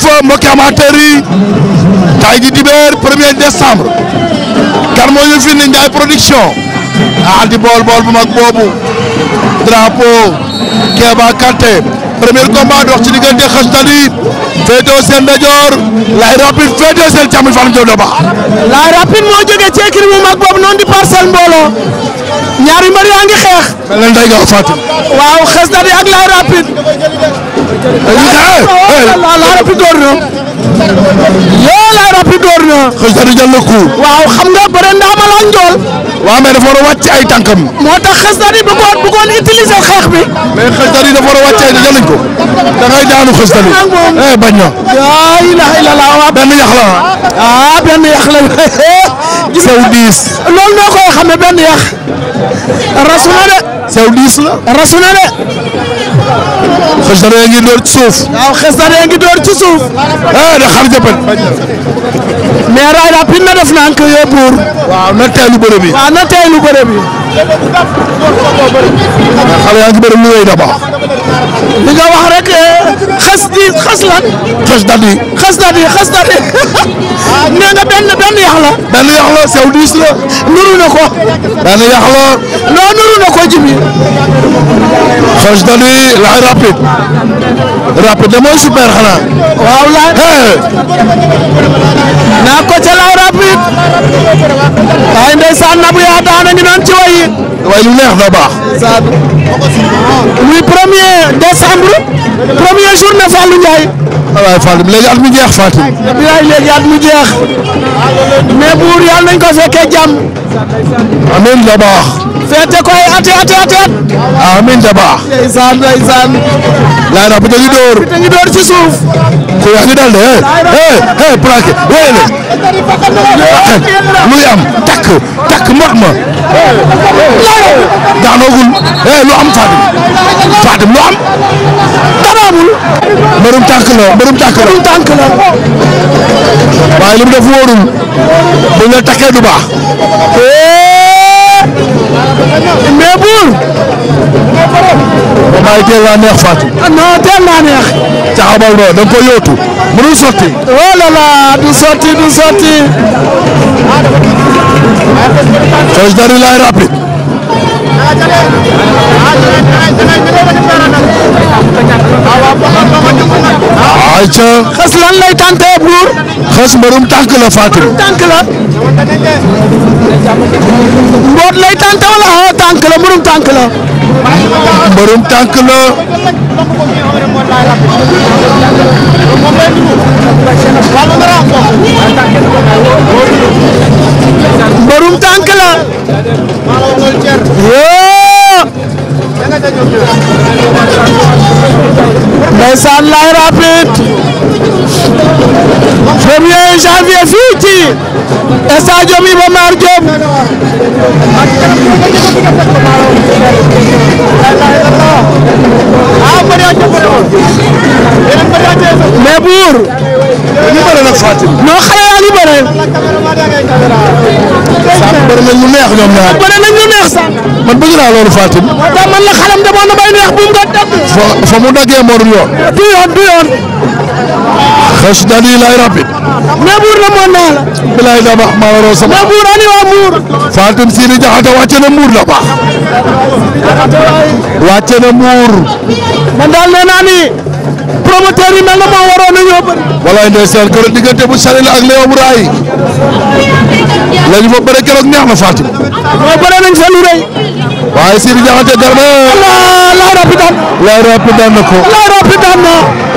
jërëjëf mbokki amateur yi tay di dibeer premier décembre kan moo ñu fi ni Ndiaye production di bool bool bu mag boobu drapeau Kéba Kanté premier combat dox ci diggante Khassatany fédo sen ndajoor la Rapide fédo sen càmmoñ Fallou Ndiaye Doba. Laye Rapide moo jógee ci écurie bu mag boobu non di parcelle mbooloo ñaari mbër yaa ngi xeex. mel na ndey nga Fatou. waaw Khassatany ak la Rapide. dañuy xeex Laye Rapide door na. yoo Laye Rapide door na. Khassatany jël na coup. waaw xam nga bëre waaw mais dafa war a wàcc ay tànkam. moo tax xas daal di bëggoon bëggoon utiliser xeex bi. mais xas daal di dafa war a wàcc ay jëliñ ko. da ngay daanu xas daal di. eh bañ na. yaa ilaha illallah waaw benn yax la ah benn yax la. gis nga saw diis. loolu noo koy xamee benn yax rasu na de. sew diis la. rasu na de. xës dara yaa ngi door ci suuf. waaw xës dara yaa ngi door ci suuf. ah da xar jëppal. mais raay rapide na def na ank yee buur. waaw na teelu bëre bi. waaw na teelu bëre bi. xale yaa ngi bëre mu wéy daba. li nga wax rek xës di xës lan. xës dadi. xës dadi xës dadi. yàq la. benn yàq la sew diis la. nuru na ko. benn yàq la. nuru na ko jibi xos dañuy laay rapide. rapide mooy super xanaa. waaw laay. naa ko ca laay rapide. waaye ndeysaan nabu yaa ngi noonu ci way yi. waaye neex na baax. muy premier premier jour na Fallou Ndiaye. waaw Fallou léegi mu jeex Fatim. bilaay léegi at mu jeex mais buur yàlla nañ ko fekkee jàmm. amiin da baax. feete koy laay na bu dañu door. bu suuf. ku yaa ngi dal de eh eh eh lu am takk takk mot ma. daanoogul eh lu am Fatim Fatim lu am. mbërum tànk la mbërum tànk la mbërum tànk la. waaye li mu def wóorul bu ñu la takkee du baax. mais buur. maa ngi teel naa neex Fatou. ah non teel naa neex. caxabal noonu da nga koy yóotu mënul sotti. oh là là du sotti du sotti. coche dari lay rapide. ay ca xës lan lay tànte mbarum tànk la Fatim tànk la tànk mbarum tànk la mbarum tànk la mbarum tànk lay rapide janvier fii ci e stade Iba Mar Diop mais buur ñu bëre nag Fatim non xale yaa ngi bëre sànq bëri nañ lu neex ñoom ñaar bëri nañ lu neex sànq man bëgg naa loolu Fatim da man la xalam demoon na bay neex bu mu ko dagg fa mu daggee moo dul yoon du yoon du yoon xasdani lay rapide mais buur la moon naa la bilay da baax maa waroo sama Fatim Sidi Jaxate wàcce na mbuur la baax wàcce na mbuur man daal nee naa ni promoteur yi mel na a ñoo bëri walaay ndeysaan keroog diggante bu Salil ak Léo bu raay la ñu fa bëre neex na Fatim mooy bëre nañ sa lu rëy waaye Sidi Jaxate dara lay rapide lay rapide na ko lay rapide na